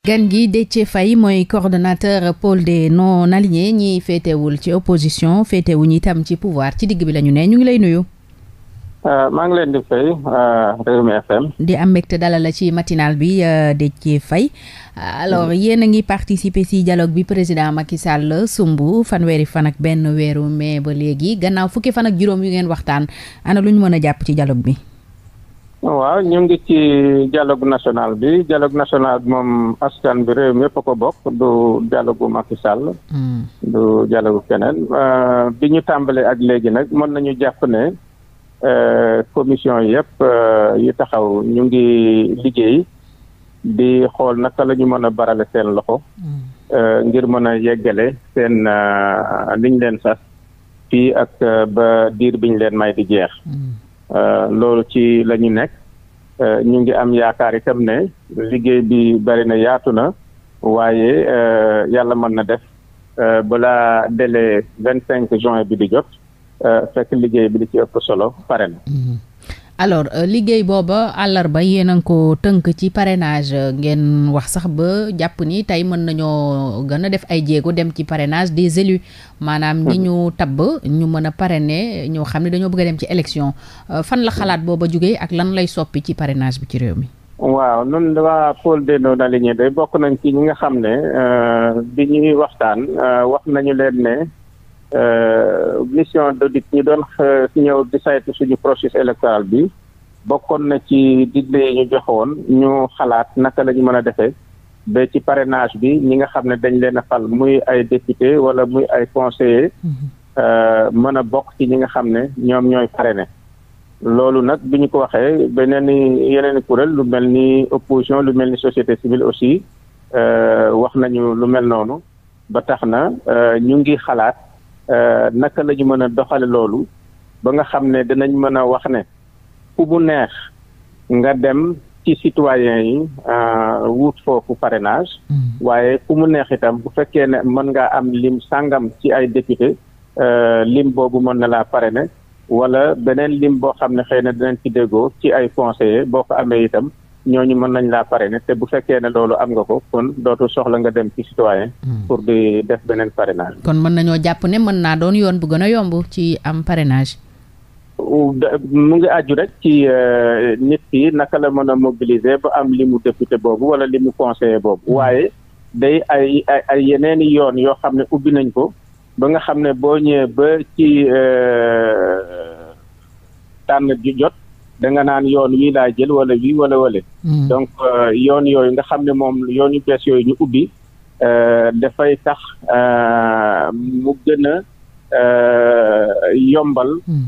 gan gi Déthié Faye mooy coordonnateur pôle des no alignés ñi féetewul ci opposition féetewuñu itam ci pouvoir ci digg bi la ñu ne ñu ngi lay nuyu. Euh, maa ngi leen di fay euh, Rewmi FM. di am mbégte dalal la ci matinal bi ci euh, Faye alors mm-hmm. yéen a ngi participer ci dialogue bi président Macky Sall sumb fanweeri fan ak benn weeru mais ba léegi gannaaw fukki fan ak juróom yu ngeen waxtaan ana lu ñu mën a jàpp ci dialogue bi. waaw ñu ngi ci dialogue national bi dialogue national moom askan bi réew mi a ko bokk du dialogue Macky Sall. Hmm. du dialogue keneen euh, bi ñu tàmbalee ak léegi nag mën nañu jàpp ne euh, commission yëpp euh, yu taxaw ñu ngi liggéey di xool nag la ñu mën a barale seen loxo. Hmm. ngir mën a yeggale seen liñ leen sax fii ak ba diir biñ leen may di jeex. Hmm. Euh, loolu ci la ñu nekk euh, ñu ngi am yaakaar tam ne liggéey bi bari na yaatu na waaye euh, yàlla mën na def bala délai vingt cinq juin bi di jot fekk liggéey bi di ci ëpp solo pare na. alors euh, liggéey booba àllarba yéen a ngi ko tënk ci parrainage ngeen wax sax ba jàpp ni tey mën nañoo gën a def ay jéego dem ci parrainage des élus maanaam ñi ñu tabb ñu mën a parrainer ñoo xam ne dañoo bëgg a dem ci élection euh, fan la xalaat booba jógee ak lan lay soppi ci parrainage bi ci réew mi waaw noonu waa Pôle des non-alignés day bokk nañ ci ñi nga xam ne euh, bi ñuy waxtaan wax nañu leen ne Euh, mission d'audit ñu doon euh, ñëw di saytu suñu processus électoral bi bokkoon na ci digle yi ñu joxoon ñu xalaat naka lañu ñu mën a defee ba ci parenage bi ñi nga xam ne dañ leen a fal muy ay député wala muy ay conseiller mhm. euh, mën a bokk ci ñi nga xam ne ñoom ñooy parrainé loolu nag bi ñu ko waxee beneen yeneen kuréel lu mel ni opposition lu mel ni société civile aussi wax nañu lu mel noonu ba tax na ñu ngi xalaat Euh, naka la ñu mën a doxale loolu ba nga xam ne dinañ mën a wax ne fu mu neex nga dem ci citoyens yi euh, wut foofu parenage mm. waaye fu mu neex itam bu fekkee ne mën ngaa am lim sàngam ci ay député euh, lim boobu mën na laa pare parrainer wala beneen lim boo xam ne xëy na dinañ ci déggoo ci ay conseillers boo ko amee itam ñooñu mën nañ laa pare parrainer te bu fekkee ne loolu am nga ko kon dootu soxla nga dem ci citoyen hmm. pour di def beneen parrainage. kon mën nañoo jàpp ne mën naa doon yoon bu gën a yomb ci am parrainage. mu ngi aju rek ci euh, nit ki naka la mën a mobiliser ba am li mu député boobu wala limu mu conseiller boobu hmm. waaye day ay ay ay yeneeni yoon yoo xam ne ubbi nañ ko ba nga xam ne boo ñëwee ba ci euh, tànn ju jot. da nga naan yoon wi laa jël wala wi wala wala. Hmm. donc euh, yoon yooyu nga xam ne moom yoon yu bees yooyu ñu ubbi euh, dafay tax euh, mu gën a yombal. Hmm.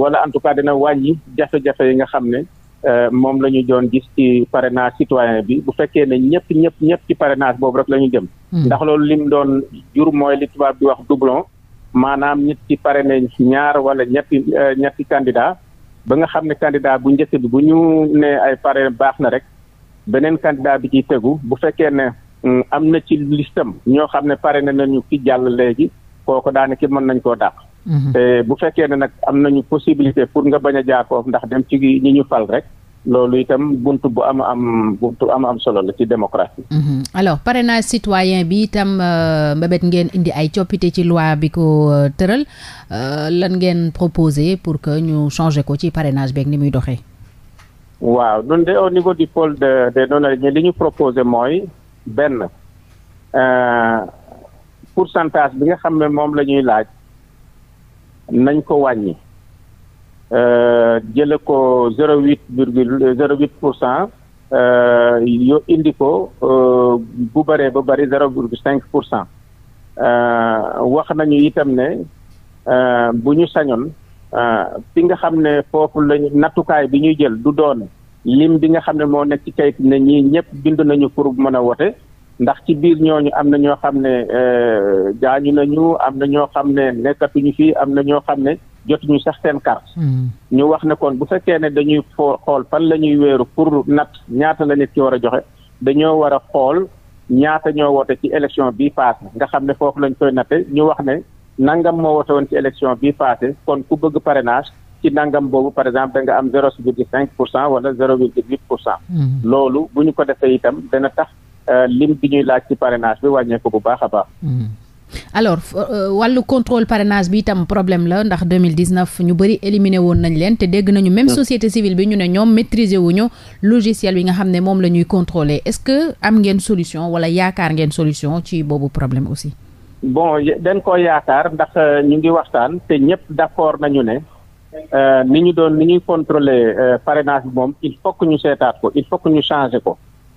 wala en tout cas dina wàññi jafe-jafe yi nga xam ne. moom la ñu doon gis ci pare parrainage citoyen bi bu fekkee ne ñëpp ñëpp ñëpp ci parrainage boobu rek la ñu jëm. Hmm. ndax loolu lim doon jur mooy li tubaab wax doublon maanaam nit ci parrainé ñaar wala ñetti ñetti candidat ba nga xam ne candidat bu njëkk bi bu ñu nee ay pare baax na rek beneen candidat bi ci tegu bu fekkee ne mm, am na ci listam ñoo xam ne pare parrainé nañu ki jàll léegi kooku daanaka mën nañ koo dàq. te mhm. eh, bu fekkee ne nag am nañu possibilité pour nga bañ a jaar foofu ndax dem ci ñi ñu fal rek. loolu itam buntu bu am am buntu am am solo la ci démocratie. Mhm. alors parrainage citoyen bi itam euh, mbébét ngeen indi ay coppite ci loi bi ko euh, tëral euh, lan ngeen proposé pour que ñu changé ko ci parrainage beeg ni muy doxee. waaw ñun de au niveau du pôle de des donneurs li ñu proposé mooy benn pour pourcentage bi nga xam ne moom la ñuy laaj nañ ko wàññi. jële ko zéro huit virgule zéro huit pour cent euh, yo indi ko euh, bu bëree ba bëri zéro virgule cinq pour cent euh, wax nañu itam ne bu ñu sañoon bi nga xam ne foofu lañu nattukaay bi ñuy jël du doon lim bi nga xam ne moo nekk ci kayit ne ñii ñëpp bind nañu pour mën a wote ndax ci biir ñooñu am na ñoo xam ne gaañu nañu am na ñoo xam ne nekkatuñu fii am na ñoo xam ne jotuñu sax seen carte. Hmm. ñu wax ne kon bu fekkee ne dañuy foo xool fan la ñuy wéeru pour nat ñaata la nit ki war a joxe dañoo war a xool ñaata ñoo woote ci élection bi passé nga xam ne foofu lañ koy natte ñu wax ne nangam moo woote woon ci élection bi passé kon ku bëgg parrainage ci nangam boobu par exemple da nga am zero virgule cinq pour cent wala zero virgule huit pour cent. Hmm. loolu bu ñu ko defee itam dana tax euh, lim bi ñuy laaj ci parrainage bi wàññeeku bu baax a baax. Hmm. alors euh, wàllu contrôle parrainage bi itam problème la ndax mille 2019 ñu bëri éliminer woon nañ leen te dégg nañu même hmm. société civile bi ñu ne ñoom maîtriser wuñu logiciel bi nga xam ne moom la ñuy contrôler est-ce que am ngeen solution wala yaakaar ngeen solution ci boobu problème aussi. bon dañ ko yaakaar ndax euh, ñu ngi waxtaan te ñëpp d'accord nañu ne euh, ni ñu doon ni ñuy controler euh, parrainage bi moom il faut que ñu seetaat ko il faut que ñu changer ko.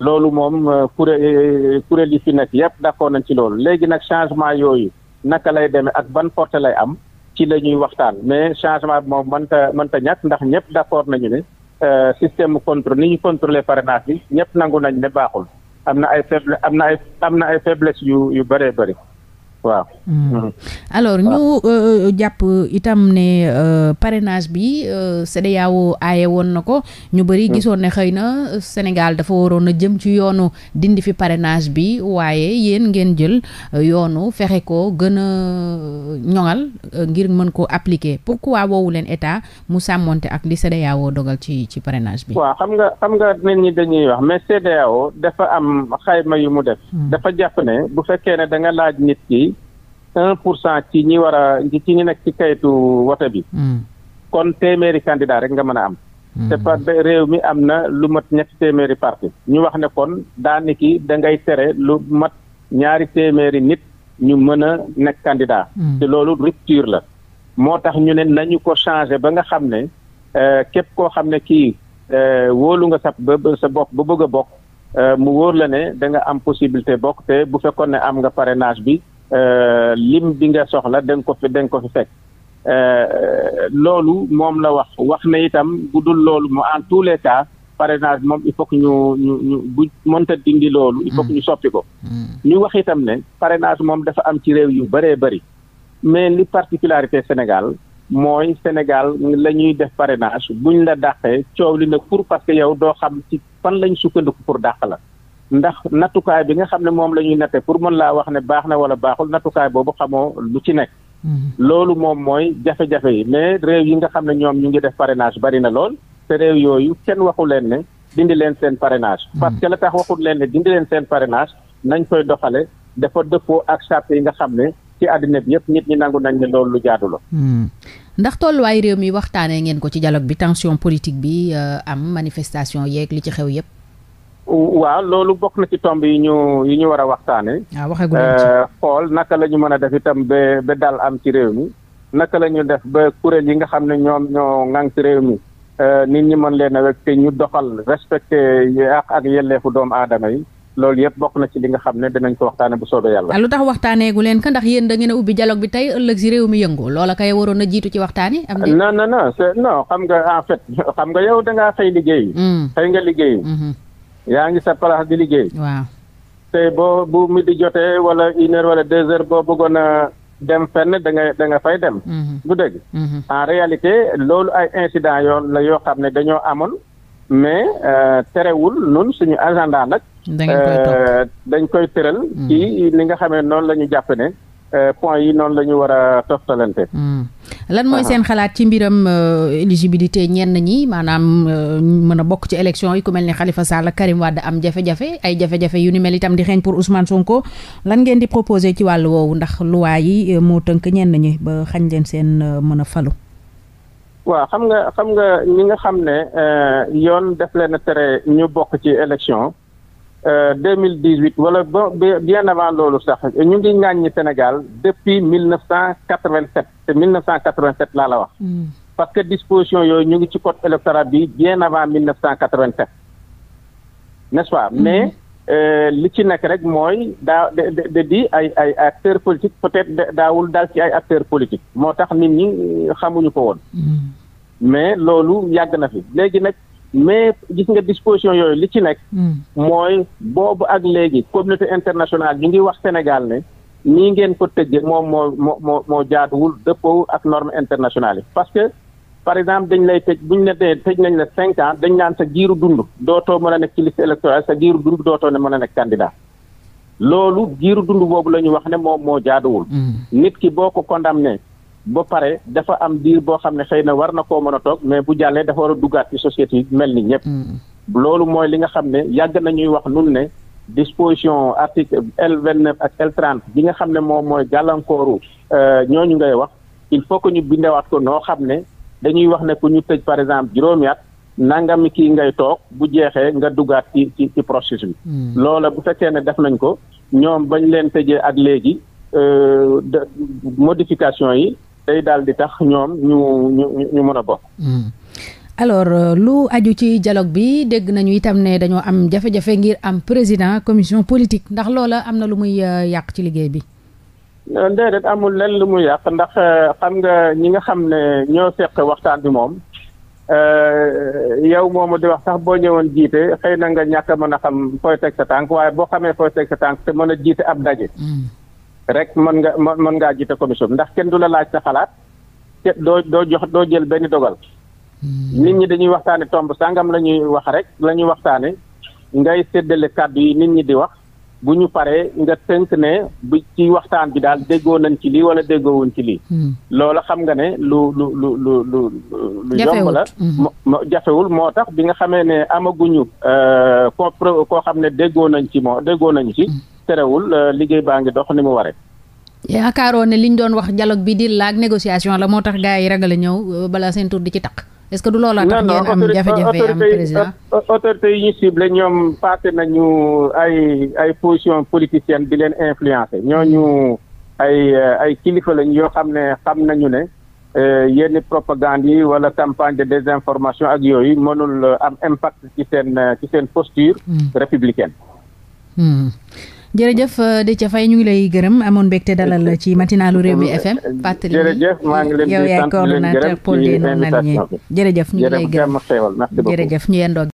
loolu moom euh, kuréel euh, kuréel yi fi nekk yëpp d'accord nañ ci loolu léegi nag changement yooyu naka lay deme ak ban portée lay am ci la ñuy waxtaan mais changement bi moom mënta mënta ñàkk ndax ñëpp d'accord nañu ne euh, système contrôle ni ñu pare naa bi ñëpp nangu nañ ne baaxul am na ay faible am na ay am na ay faiblesse yu yu bëree bëri waaw. Hmm. Hmm. alors ñu euh, euh, jàpp itam ne euh, parenage bi CEDEAO aaye woon na ko ñu bëri hmm. gisoon ne xëy na Sénégal dafa waroon a jëm ci yoonu dindi fi parenage bi waaye yéen ngeen jël yoonu fexe ko gën a ñoŋal ngir mën ko appliquer pourquoi woowu leen état mu sàmmonte ak li CEDEAO dogal ci ci parrainage bi. waaw xam nga xam nga nit ñi dañuy wax mais CEDEAO dafa am xayma yu mu def. dafa jàpp ne bu fekkee ne da laaj nit ki. un pour cent ci ñi war a ci ñi nekk ci kayitu wote bi. Hmm. kon téeméeri candidat rek nga mën a am. Hmm. te par réew mi am na lu mat ñetti téeméeri parti ñu wax ne kon daaniki da ngay tere lu mat ñaari téeméeri nit ñu mën a nekk candidat. Hmm. te loolu rupture la. moo tax ñu ne nañu ko changé ba nga xam ne euh, képp koo xam ne kii euh, wóolu nga sa ba sa bopp ba bëgg a bokk euh, mu wóor la ne da nga am possibilité bokk te bu fekkoon ne am nga parrainage bi. Euh, lim bi nga soxla da nga ko fi da ko fi fekk euh, loolu moom la wax wax na itam bu dul loolu mu en tous les cas parrainage moom il faut ñu ñu ñu bu mënta dindi loolu. il faut ñu soppi ko. Hmm. ñu wax itam ne parrainage moom dafa am ci réew yu bëree bëri mais ni particularité Sénégal mooy Sénégal la ñuy def parrainage buñ la dàqee coow li nag pour parce que yow doo xam ci fan lañ sukkandiku pour dàq la. ndax nattukaay bi nga xam ne moom la ñuy natte pour mën laa wax ne baax na wala baaxul nattukaay boobu xamoo lu ci nekk. Mm-hmm. loolu moom mooy jafe-jafe yi mais réew yi nga xam ne ñoom ñu ngi def parrainage bari na lool te réew yooyu kenn waxu leen ne dindi leen seen parrainage. Mm-hmm. parce que la tax waxul leen ne dindi leen seen parrainage nañ koy doxale dafa dëppoo ak charte yi nga xam ne ci àddina bi yëpp nit ñi nangu nañ ne loolu lu jaadu la. Mm-hmm. ndax tolluwaay réew mi waxtaanee ngeen ko ci dialogue bi tension politique bi euh, am manifestation yeeg li ci xew yëpp. waaw loolu bokk na ci tomb yi ñu yi ñu war a waxtaane ah, euh, xool naka la ñu mën a def itam ba ba dal am ci réew mi naka la ñu def ba kuréel yi nga xam ne ñoom ñoo ŋànk réew mi euh, nit ñi mën leen a wekk te ñu doxal respecté ak ak yelleefu doomu aadama yi loolu yëpp bokk na ci li nga xam ne dinañ ko waxtaane bu soobee yàlla ah, lu tax waxtaaneegu leen ka ndax yéen da ngeen a ubbi dialogue bi tey ëllëg si réew mi yëngu loola kay waroon a jiitu ci waxtaan yi am non non non non xam nga en fait xam yow da ngaa liggéey hmm. yaa ngi sa place di liggéey. waaw boo bu midi jotee wala une wala deux heures boo bëggoon a dem fenn da nga da nga fay dem. Mhm. bu dëgg. Mhm. en réalité loolu ay incident yoon la yoo xam ne dañoo amoon mais euh, terewul nun suñu agenda nag. Euh, dañ koy tëral. Mhm. ci li nga xamee ne noonu la ñu jàpp Euh, point yi noonu la ñu war a toftalante. Hmm. lan mooy seen xalaat ci mbiram euh, éligibilité ñenn ñi maanaam euh, mën a bokk ci élection yi ku mel ni Khalifa Sall Karim Wade am jafe-jafe ay jafe-jafe yu ni mel itam di xeeñ pour Ousmane Sonko lan ngeen di proposé ci wàllu woowu ndax luwaa yi moo tënk ñenn ñi ba xañ leen seen mën a falu. waaw xam nga xam nga ñi nga xam ne yoon def leen tere ñu bokk ci élection. Euh, deux mille dix wala ba bien avant loolu sax ñu ngi ŋàññi Sénégal depuis mille neuf cent quatre vingt sept te mille neuf cent quatre vingt sept laa la wax. Hmm. parce que disposition yooyu ñu ngi ci code électoral bi bien avant mille neuf cent quatre vingt sept n'est-ce pas hmm. mais. Euh, li ci nekk rek mooy daa de di ay ay acteurs politiques peut-être daawul daal ci ay acteurs politique moo tax nit ñi xamuñu ko woon hmm. mais loolu yàgg na fi léegi nag mais gis nga disposition yooyu li ci nekk. Hmm. mooy boobu ak léegi communauté internationale ñu ngi wax Sénégal ne nii ngeen ko tëjee moom moo moo moo moo jaaduwul dëppoo ak norme internationale yi parce que. par exemple dañ lay tëj bu ñu la dee tëj nañ la cinq ans dañ naan sa giiru dund dootoo mën a nekk ci liste électorale sa giiru dund dootoo ne mën a nekk candidat loolu giiru dund boobu la ñu wax ne moom moo jaaduwul. Hmm. nit ki boo ko condamné ba pare dafa am diir boo xam ne xëy na war na koo mën a toog mais bu jàllee dafa war a duggaat ci société yi mel nii ñëpp. Mm. loolu mooy li nga xam ne yàgg nañuy wax nun ne disposition article L vingt neuf ak L trente bi nga xam ne moom mooy gàllankooru euh, ñooñu ngay wax il faut que ñu bindewaat ko noo xam ne dañuy wax ne ku ñu tëj par exemple juróomi at nangami kii ngay toog bu jeexee nga dugaat ci ci ci processus bi. Mm. loola bu fekkee ne def nañ ko ñoom bañ leen tëjee ak léegi euh, modification yi. day daal di tax ñoom ñu ñu ñu mën a bokk. Hmm. alors euh, lu aju ci dialogue bi dégg nañu itam ne dañoo am jafe-jafe ngir am président commission politique ndax loola am na lu muy euh, yàq ci liggéey bi. Euh, déedéet amul lenn lu mu yàq ndax xam nga ñi nga xam ne ñoo seq waxtaan bi moom. yow moomu di wax sax boo ñëwoon jiite xëy na nga ñàkk mën a xam fooy teg sa tànk waaye boo xamee fooy teg sa te mën a jiite ab daje. Hmm. rek mën nga mën ngaa jiite commission ndax kenn du la laaj sa xalaat doo doo jox doo jël benn dogal hmm. nit ñi dañuy waxtaane tomb sàngam la ñuy wax rek la ñuy waxtaane ngay séddale kàddu yi nit ñi di wax bu ñu paree nga tënk ne bi ci waxtaan bi daal déggoo nañ ci lii wala déggoowuñ ci lii. Hmm. loolu xam nga ne lu lu lu lu lu. la hmm. moo tax bi nga xamee ne amaguñu euh, koo koo xam ne déggoo nañ ci moo déggoo nañ ci. terewul euh, liggéey baa ngi dox ni mu waree. yaakaaroon ne ñu doon wax dialogue bi di la ak négociation la moo tax gars yi ragal a ñëw euh, balaa seen tur di ci taq est-ce que du loolaa tax ngeen am jafe-jafe am président autorité yi ñu ciblé ñoom passé nañu ay ay position politicienne di leen influencer ñooñu ay euh, ay kilifa lañ yoo xam ne xam nañu ne yenn propagande yi wala campagne de désinformation ak yooyu mënul am impact ci seen ci seen posture hmm. républicaine hmm. jërëjëf euh, Déthié fay ñu ngi lay gërëm amoon mbégte dalal ci matinalu Rewmi FM fàttali jërëjëf maa ngi leen di sant yow yaay coordonnateur pôle des non alignés jërëjëf ñu ngi lay